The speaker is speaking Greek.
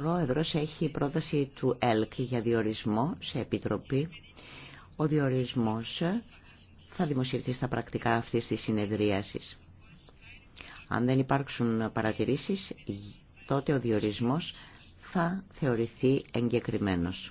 Πρόεδρος έχει πρόταση του ΕΛΚ για διορισμό σε επιτροπή. Ο διορισμός θα δημοσιευτεί στα πρακτικά αυτής της συνεδρίασης. Αν δεν υπάρξουν παρατηρήσεις, τότε ο διορισμός θα θεωρηθεί εγκεκριμένος.